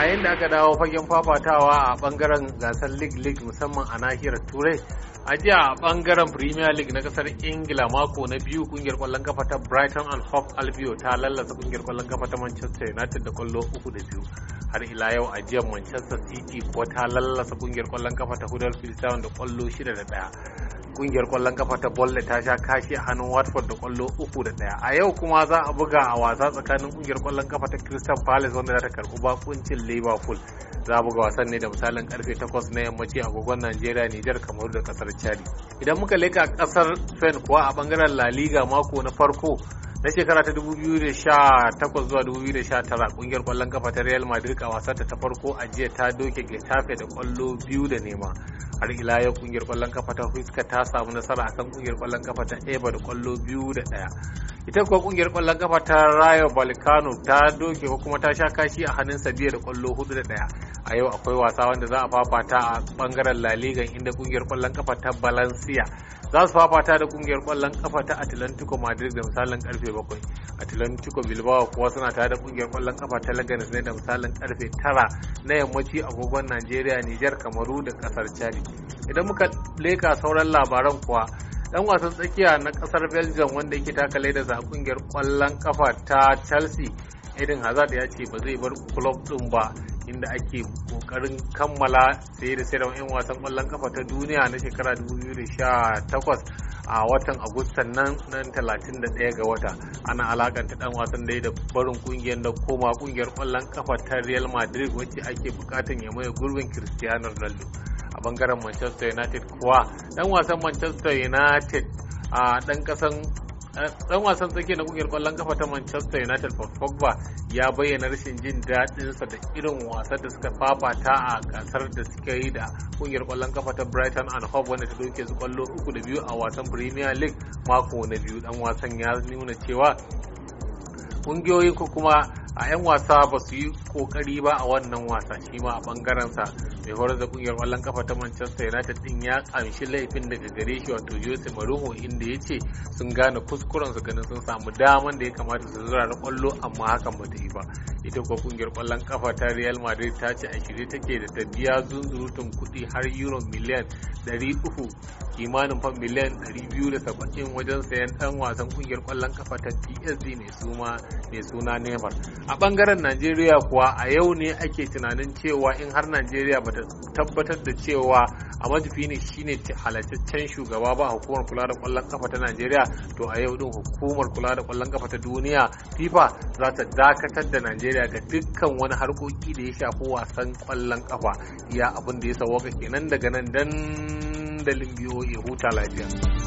a da aka dawo fagen fafatawa a bangaren gasar league league musamman a nahiyar turai a jiya a bangaren premier league na kasar ingila mako na biyu kungiyar kwallon kafa ta brighton and hove albio ta lallasa kungiyar kwallon kafa ta manchester united da kwallo uku da biyu har ila yau a jiya manchester city ko ta lallasa kungiyar kwallon kafa ta huddersfield town da kwallo shida da daya kungiyar kwallon kafa ta bolle ta sha kashi a hannun watford da kwallo uku da daya a yau kuma za a buga a wasa tsakanin kungiyar kwallon kafa ta crystal palace wanda za ta karbi bakuncin liverpool za a buga wasan ne da misalin karfe 8 na yammaci agogon nigeria niger kamaru da kasar chadi idan muka leka kasar spain kuwa a bangaren la liga mako na farko na shekara ta 2018 zuwa 2019 kungiyar kwallon kafa ta Real Madrid a wasarta ta farko a jiya ta doke Getafe da kwallo biyu da nema har ila yau kungiyar kwallon kafa ta huska ta samu nasara akan kungiyar kwallon kafa ta eba da kwallo biyu da daya ita kuwa kungiyar kwallon kafa ta rayo balkano ta doke ko kuma ta sha kashi a hannun sabiya da kwallo hudu da daya a yau akwai wasa wanda za a fafata a bangaren la inda kungiyar kwallon kafa ta valencia za su fafata da kungiyar kwallon kafa ta atlantico madrid da misalin karfe bakwai atlantico bilbao kuwa suna tare da kungiyar kwallon kafa ta laganes ne da misalin karfe tara na yammaci agogon nigeria niger kamaru da kasar Chad idan muka leka sauran labaran kuwa dan wasan tsakiya na kasar belgium wanda yake takalai da a kungiyar kwallon kafa ta chelsea irin hazard ya ce ba zai bar club din ba inda ake kokarin kammala saye da da 'yan wasan kwallon kafa ta duniya na shekara 2018 a watan agustan nan 31 ga wata ana alakanta dan wasan da da barin kungiyar da koma kungiyar kwallon kafa ta real madrid wacce ake bukatan ya maye gurbin cristiano ronaldo a bangaren manchester united kuwa dan wasan manchester united a dan kasan dan wasan tsakiya na kungiyar kwallon kafa ta Manchester United Paul Pogba ya bayyana rashin jin daɗinsa da irin wasan da suka fafata a gasar da suka yi da kungiyar kwallon kafa ta Brighton and Hove wanda ta doke su kwallo uku da biyu a wasan Premier League mako na biyu dan wasan ya nuna cewa ƙungiyoyin ko kuma a 'yan wasa ba su yi kokari ba a wannan wasa shi ma a bangarensa mai horar da kungiyar kwallon kafa ta manchester united din ya kamshi laifin daga gare shi wato jose maruho inda ya ce sun gane kuskuren su ganin sun samu daman da ya kamata su zura da kwallo amma hakan ba ta yi ba ita kuwa kungiyar kwallon kafa ta real madrid ta ce a shirye take da ta biya zunzurutun kuɗi har euro miliyan 300 kimanin fam miliyan 270 wajen sayan dan wasan kungiyar kwallon kafa ta PSG mai suma mai suna Neymar. A bangaren Najeriya kuwa a yau ne ake tunanin cewa in har Najeriya bata tabbatar da cewa Ahmadu ne shine halattaccen shugaba ba hukumar kula da kwallon kafa ta Najeriya to a yau din hukumar kula da kwallon kafa ta duniya FIFA za ta dakatar da Najeriya ga dukkan wani harkoki da ya shafi wasan kwallon kafa iya abin da ya sawaka kenan daga nan dan dandalin biyo ya huta lafiya.